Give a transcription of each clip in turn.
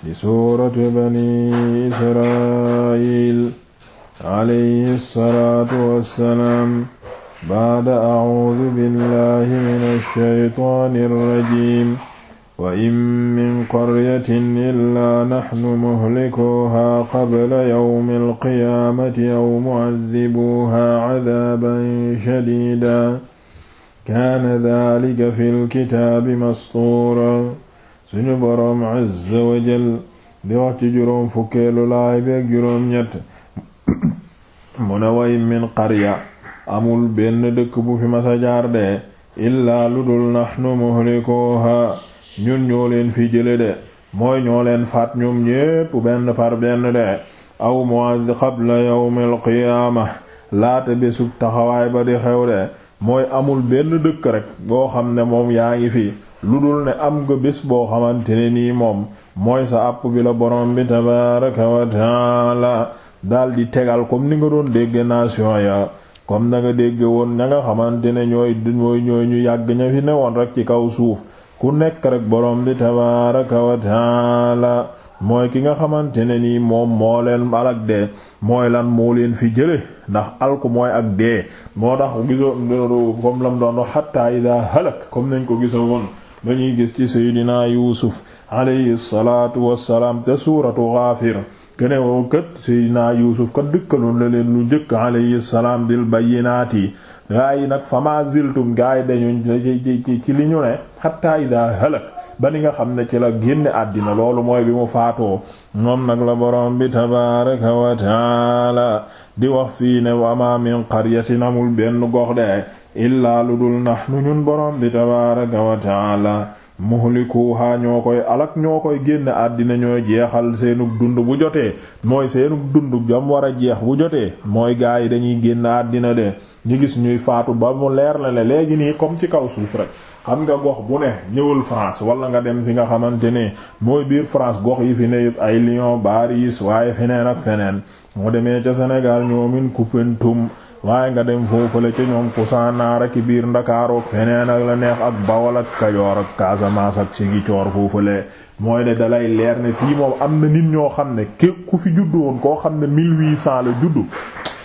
di suuratu bani israil alayhi salaatu wassalaam baada acuudu billahi min alshaytaani alrajim wa in min qaryatin illaa naxnu muhlikuuhaa qabla yawmi alqiyaamati aw mucadibuuhaa cadaaban shadiida kaana daalika fi lkitaabi mastuura suñu boroom azza wa di wax ci juróom fukkeelu laay bi ak juróom ñett mu ne way min amul benn dëkk bu fi masa jaar de illaa lu dul nahnu muhlikuha ñun ñoo leen fi jële de mooy ñoo leen faat ñoom ñépp benn par benn de aw mois qabla yawmil qiyaama laata bésub taxawaay ba di xew de mooy amul benn dëkk rek boo xam ne moom yaa ngi fi lu dul ne am nga bés boo xamante ne nii moom mooy sa àpp bi borom bi tabaaraka wa taala daldi tegal comme ni nga doon dégge nation ya comme na dégge woon ña nga xamante ñooy mooy ñooy ñu yàgg ña fi ne woon rek ci kaw suuf ku nekk rek borom bi tabaaraka wa mooy ki nga xamante ne nii moom moo leen alak dee mooy lan moo leen fi jële ndax alku mooy ak dee moo tax gisoon comme la doon wax xatta ida halak comme nañ ko gisoon ba ñuy gis ci seydinaa yuusuf alayhi salaatu wassalaam te suuratu gaafir gëne woo kat seydinaa yuusuf kat dëkkaloon la leen lu njëkk alayhi salaam bil bayyinaati gaa yi nag fama ziltum gaa yi dañu ci li ñu ne xatta idaa halak ba ni nga xam ne ci la génne àddina loolu mooy bi mu faatoo moom nag la borom bi tabaaraka wa taala di wax fii ne wa maa min qaryatin amul benn gox de illaa lu dul nahnu ñun boroom bi tabaaraka wa taala muhlikuha ñoo koy alak ñoo koy génn àddina ñooy jeexal seenug dund bu jotee mooy seenug dund jam war a jeex bu jotee mooy gaa yi dañuy génn àddina de ñu gis ñuy faatu ba mu leer la ne léegi nii comme ci kaw suuf rek xam nga gox bu ne ñëwul France wala nga dem fi nga xamante ne mooy biir France gox yi fi ne ay Lyon Paris waaye feneen ak feneen moo demee ca Sénégal ñoomin Koupentoum waaye nga dem foofale ca ñoom Kusaanaar ak biir Ndakaaru ak feneen ak la neex ak Bawol ak Kajoor ak Casamance ak Sigicoor foofale mooy ne dalay leer ne fii moom am na nit ñoo xam ne ku fi juddu woon koo xam ne 1800 la juddu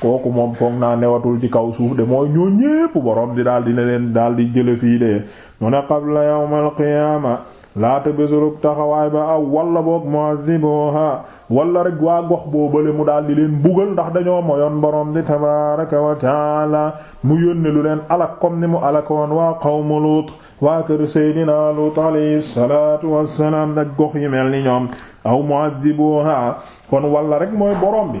kooku moom foog naa newatul ci kaw suuf de mooy ñoo ñépp borom di daal dina leen daal di jële fii de mu ne qabla yawmal qiyaama laata bésurub taxawaay ba aw walla boog mu'adhibuha walla rek waa gox boobale mu daal di leen bugal ndax dañoo moyoon boroom di tabaraka wa taala mu yónne lu leen alak comme ni mu alakoon waa qawmu Luut waa kër Seydina Luut alayhi salaatu wassalaam ak gox yi mel ni ñoom aw mu'adhibuha kon walla rek mooy borom bi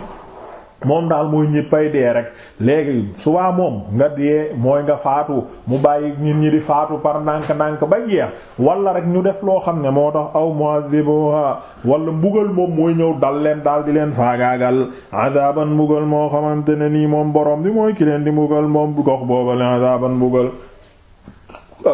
moom daal mooy ñëppay dee rek léegi subaa moom nga dee mooy nga faatu mu bàyyi nit ñi di faatu par ndànk-ndànk ba jeex wala rek ñu def loo xam ne moo tax aw mu'adhibuha wala mbugal moom mooy ñëw dal leen daal di leen faagaagal adaban mbugal moo xamante ne nii moom borom bi mooy ki leen di mbugal moom gox booba leen adaban mbugal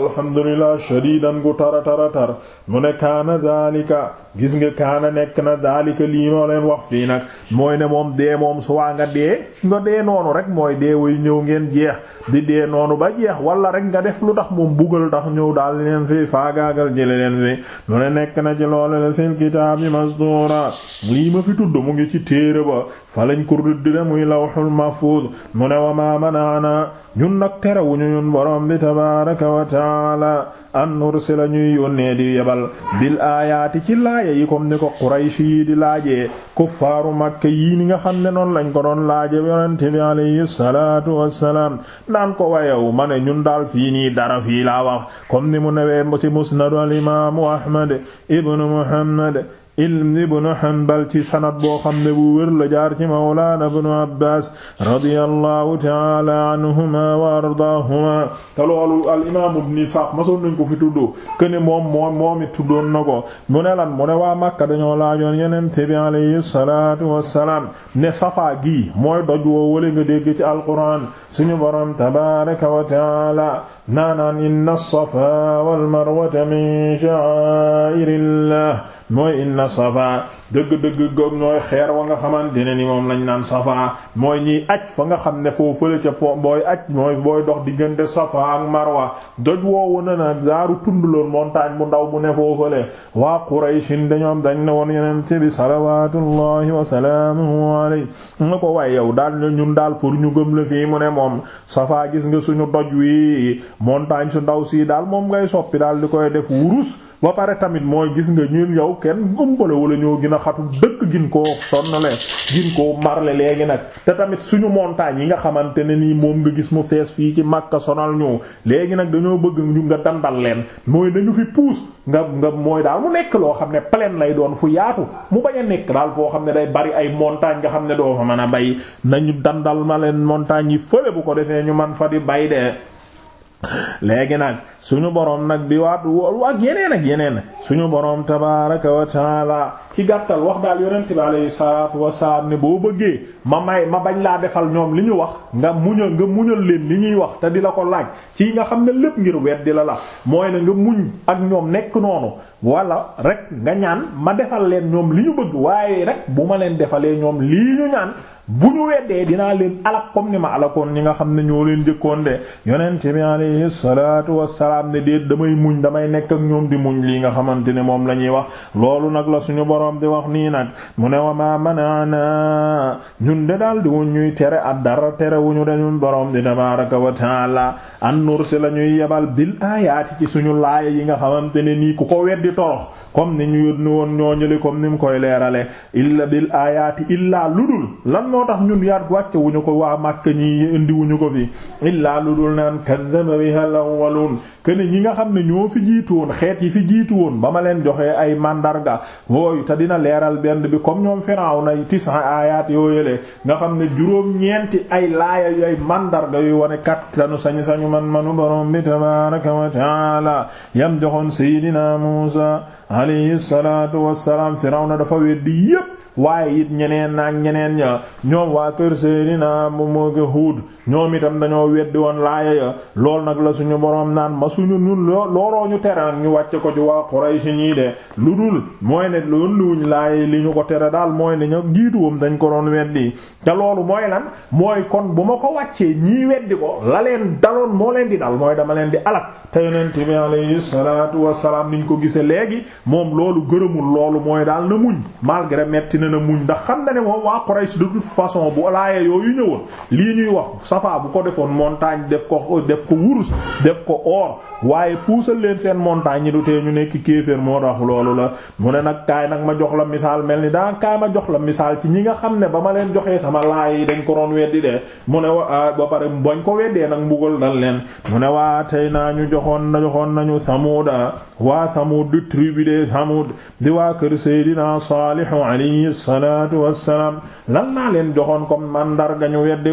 alhamdulillah shadidan gu tara tara tar mu ne kaana dhalika gis nga kaana nekk na daalika lii ma leen wax fii nag mooy ne moom dee moom su waa nga dee nga dee noonu rek mooy dee way ñëw ngeen jeex di dee noonu ba jeex wala rek nga def lu tax moom buggal tax ñëw daal leen fi faagaagal jële leen fi lu ne nekk na ci loolu la fil kitaabi masdura lii ma fi tudd mu ngi ci téere ba fa lañ ko di de muy lawhul mahfuz mu ne wa ma manaana ñun nag ñu ñun borom bi tabaaraka wa taala an nursila ñuy yónnee di yebal bil aayaati ci laaye yi comme ni ko Quraysh yi di laajee kuffaaru Makka yii ni nga xam ne noonu lañ ko doon laaje yonente bi alayhi salaatu wassalaam naan ko wayew man ne ñun daal fii nii dara fii laa ni mu newee ci musnadu al imaamu Ahmad ibnu Muhammad ilm ibn Hanbal ci sanad boo xam ne bu wér la jaar ci mawlaana ibn Abbaas radiyallahu ta'ala anhuma wa ardaahuma te al imaam ibn Isaaq masoon nañ ko fi tudd këne moom moom moom it tuddoon na ko mu ne lan mu ne waa Makka dañoo laajoon Yonent bi alayhi salaatu wassalaam ne Safaa gii mooy doj woo wële nga dégg ci alquraan suñu boroom tabaaraka wa ta'ala naanaan inna as-Safaa wal Marwata min sha'aa'irillaah mooy inna safa dëgg-dëgg goog ñooy xeer wa nga xamante ni moom lañ naan safa mooy ñiy aj fa nga xam ne foofu la ca po booy aj mooy booy dox diggante safa ak marwa doj woowu na na jaaru tund loon montagne bu ndaw bu ne foofale waa Qurayshin dañoom dañ ne woon yeneen ci bi salawatullahi wa salaamuhu alayhi nga ko waay yow daal ñun daal pour ñu gëm la fii mu ne moom safa gis nga suñu doj wi montagne su ndaw si daal moom ngay soppi daal di koy def wurus ba pare tamit mooy gis nga ñun yow kenn ëmbale wala ñoo gën a xatu dëkk gin koo sonnale gin koo marle léegi nag te tamit suñu montagnes yi nga xamante ne nii moom nga gis mu fees fii ci Makka sonal ñu léegi nag dañoo bëgg ñu nga dandal leen mooy nañu fi puus nga nga mooy daal mu nekk loo xam ne plaine lay doon fu yaatu mu bañ a nekk daal foo xam ne day bari ay montagne nga xam ne doo fa mën a bay nañu dandal ma leen montagne yi fële bu ko defee ñu man fa di bay de léegi nag suñu boroom nag bi waat ak yeneen ak yeneen suñu boroom tabaaraka wa taala ci gàttal wax daal yonent bi alayhi salaatu wasalaam ne boo bëggee ma may ma bañ laa defal ñoom li ñu wax nga muñal nga muñal leen li ñuy wax te di la ko laaj ci nga xam ne lépp ngir weddi la la mooy na nga muñ ak ñoom nekk noonu wala rek nga ñaan ma defal leen ñoom li ñu bëgg waaye rek bu ma leen defalee ñoom lii ñu ñaan bu ñu weddee dinaa leen alak comme ni ma alakoon ñi nga xam ne ñoo leen njëkkoon de yonent bi alayhi salaatu wassalaam ne déet damay muñ damay nekk ak ñoom di muñ lii nga xamante ne moom la ñuy wax loolu nag la suñu boroom di wax nii nag mu ne wa ma manana ñun de daal di wuñ ñuy tere ak dara tere wu ñu dañun boroom di tabaraka wa taala an nursi la di torox comme ni ñu yónni woon ñoo ñële comme ni mu koy leerale illa bil aayaati illaa dul lan moo tax ñun yaat wàcce wu ñu ko waa Màkka ñi indi wu ñu ko fi illaa ludul naan kazzaba bihal awwalun que ne ñi nga xam ne ñoo fi jiitu woon xeet yi fi jiitu woon ba ma leen joxee ay mandarga wooyu te dina leeral benn bi comme ñoom na Firawna tisan aayaat yooyale nga xam ne juróom-ñeenti ay laaya yu ay mandarga yu wane kat tanu sañ-sañu man manu borom bi tabaraka wa taala yam joxoon sayidina Musa alayhi salatu wasalaam Firawna dafa weddi yépp waaye it ñeneen naak ñeneen ña ñoom waa kër seydina mu moo ko ñoom itam dañoo weddi woon laaya ya lool nag la suñu boroom naan ma suñu ñun looloo ñu tere nag ñu wàcce ko ci waa Quraysh ñii de lu dul mooy ne loolu luwuñ laaya li ñu ko tere daal mooy ne ñu woom dañ ko doon weddi te loolu mooy lan mooy kon bu ma ko wàccee ñii weddi ko la leen daloon moo leen di dal mooy dama leen di alak te yonent bi alayhi salaatu wassalaam niñ ko gisee léegi moom loolu gërëmul loolu mooy daal na muñ malgré metti na na muñ ndax xam na ne moom waa Quraysh de toute façon bu laaya yooyu ñëwoon lii ñuy wax safaa bu ko defoon montagne def ko def ko wurus def ko or waaye puusal leen seen montagne yi du tee ñu nekk kéeféer moo tax loolu la mu ne nag kaay nag ma jox la misaal mel ni daa kaay ma jox la misaal ci ñi nga xam ne ba ma leen joxee sama laay yi dañ ko doon weddi dee mu ne wa ah, ba pare bañ ko weddee nag mbugal dal leen mu ne waa tey naa ñu joxoon na joxoon nañu samuda waa samud du tribu de samud di waa kër seydina saalihu alayhi salaatu wassalaam lan naa leen joxoon comme mandarga ñu weddi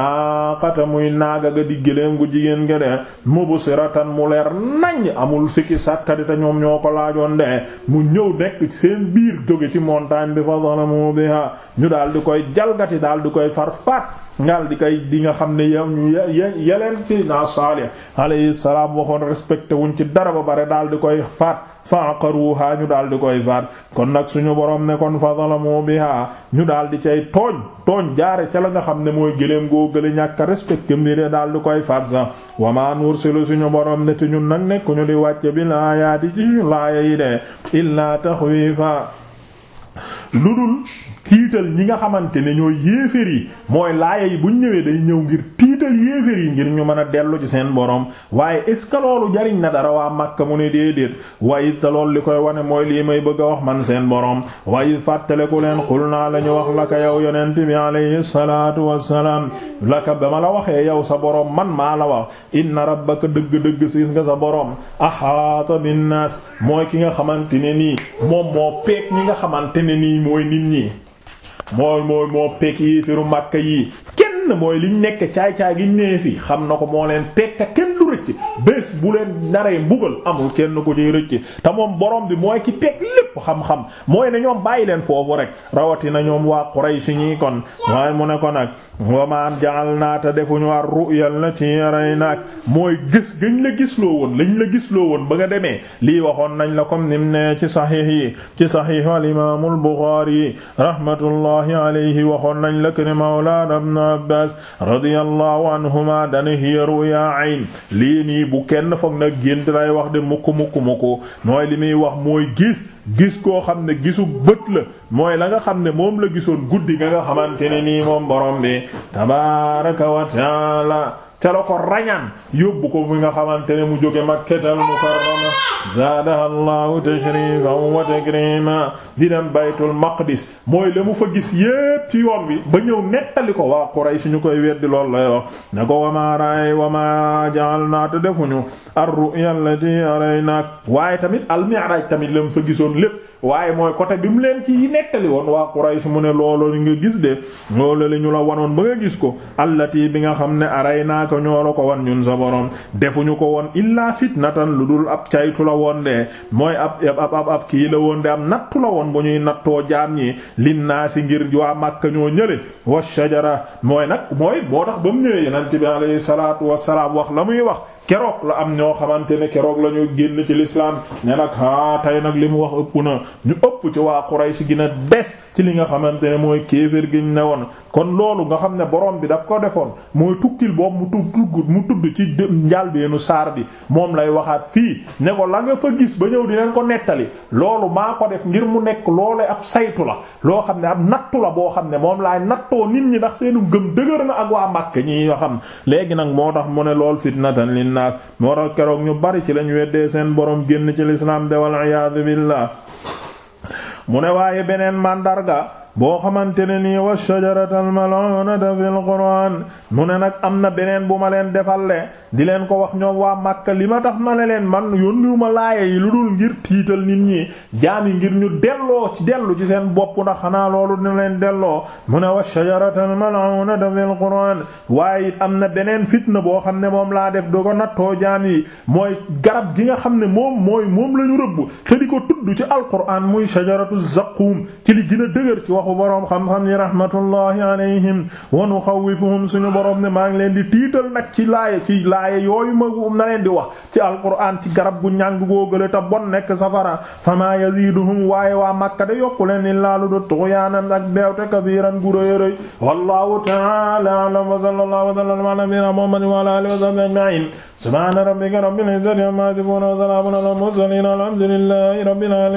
naaqata muy naaga ga di géléem gu jigéen ga de mubsiratan mu leer nañ amul sikki sàkkadi te ñoom ñoo ko laajoon de mu ñëw nekk seen biir jóge ci montagne bi fa zalamu biha ñu daal di koy jalgati daal di koy farfaat ngal di kay di nga xam ne yow ñu yeleen ci na Saalih alayhi salaam waxoon respecté wuñ ci dara ba bare daal di koy fat fa aqaruha ñu daal koy faat kon nag suñu borom ne kon fa zalamu biha ñu daal cay tooñ tooñ jaare ca la nga xam ne mooy gëléem goo gële ñàkk a respecté mbir yi daal di koy far sax wa maa nursilu suñu borom ne te ñun nag nekkuñu di wàcce bil aayaati ci suñu laaya yi de illaa taxwiifa lu dul tiital ñi nga xamante ne ñooy yéeféer yi mooy laaya yi buñ ñëwee day ñëw ngir tiital yi ngir ñu mën a dellu seen borom waaye est ce que loolu jariñ na waa Makka mu ne déedéet waaye li koy wane mooy lii may bëgg wax man seen borom waaye fàttaleku leen xul naa la wax laka yow yonent bi alayhi salaatu wassalaam laka ba ma la waxee yow sa borom man maa la wax inna rabbaka dëgg-dëgg siis nga sa borom ahaata binnaas mooy ki nga xamante ne nii moom moo nga xamante ne nii mooy nit ñi mooy mooy moo peek yi firu Makka yi génn mooy liñ nekk caay-caay giñ nee xam na ko moo leen pekka kenn du rëcc bés bu leen naree mbugal amul kenn ko ciy rëcc te moom borom bi mooy ci pekk lépp xam-xam mooy ne ñoom bàyyi leen foofu rek rawatina ñoom waa si ñi kon waaye mu ne ko nag wamaan jaxal naata defuñu ar ru'yal na ci yaray nag mooy gis gañ la gisloo woon lañ la gisloo woon ba nga demee lii waxoon nañ la comme nim ne ci saxiix yi ci saxiix al imaamul Buxaari rahmatullahi Abbaas radiyallahu anhuma dana hiya ya ayn lii nii bu kenn foog na gént lay wax de mukku mukku mukku mooy li muy wax mooy gis gis koo xam ne gisu bët la mooy la nga xam ne moom la gisoon guddi nga nga xamante ne nii moom borom bi tabaaraka wa taala te la ko rañaan yóbbu ko mi nga xamante ne mu jóge Makkatal Mukarrama zaadaha allahu tashrifan wa takrima di dem baytul maqdis mooy la mu fa gis yépp ci yoon bi ba ñëw nettali ko waa Quraysh ñu koy weddi lool la wax ne ko wama ray wama ja'alna te defuñu ar-ru'ya allati araynak waaye tamit al tamit la mu fa gisoon lépp waaye mooy côté bi mu leen ci nettali woon waa Quraysh mu ne loolu li nga gis de loolu ñu la wanoon ba nga gis ko daanaka ñoo la ko wan ñun sa borom defuñu ko woon illaa fitnatan lu dul ab caytu la woon de mooy ab ab ab ab kii la woon de am nattu la woon bu ñuy nattoo jaam ñi linnaasi ngir waa Makka ñoo ñële wa shajara mooy nag mooy moo tax ba mu ñëwee yonent bi alayhi salaatu wa salaam wax la muy wax. keroog la am ñoo xamante ne keroog la ñu génn ci lislaam ne nag ah tey nag li mu wax ëpp na ñu ëpp ci waa Quraysh gina bes ci li nga xamante ne mooy kéeféer gi ñu ne woon kon loolu nga xam ne borom bi daf ko defoon mooy tukkil boobu mu tudd mu tudd ci njàlbeenu saar bi moom lay waxaat fii ne ko la nga fa gis ba ñëw di leen ko nettali loolu maa ko def ngir mu nekk loole ab saytu la loo xam ne ab nattu la boo xam ne moom laay nattoo nit ñi ndax seenu gëm dëgër na ak waa Makka ñi xam léegi nag moo tax mu ne lool fitnatan nas moo tax ñu bari ci lañu weddee seen borom génn ci lislaam de wal iyaadu billah mu ne waaye beneen màndarga boo xamante ne nii wa shajaratal mal'unata fil qur'an mu ne nag am na beneen bu ma leen defal le di leen ko wax ñoom waa Makka li ma tax ma ne leen man yónniwu ma laaya yi lu dul ngir tiital nit ñi jaam yi ngir ñu delloo dellu ci seen bopp ndax xanaa loolu dina leen delloo mu ne wa shajaratal mal'unata fil qur'an waaye it am na beneen fitna boo xam ne moom laa def do ko nattoo jaam yi mooy garab gi nga xam ne moom mooy moom la rëbb te di ko tudd ci alquran muy waxu boroom xam-xam yi rahmatullahi alayhim wa nuxawwifuhum suñu boroom ne maa ngi leen di tiital nag ci laaye ci laaye yooyu ma na leen di wax ci alquran ci garab gu ñàng góogale te bon nekk safara fama yaziduhum waaye waa Makka de yokku leen illaa lu du tuxyaanan ak beewte kabiiran gu rëy rëy wallahu ta'ala a'lam wa sallallahu wa sallam ala nabiyyina muhammadin wa ala alihi wa sahbihi ajma'in subhana rabbika rabbil izzati amma yasifun wa salamun ala al mursalin alhamdulillahi rabbil alamin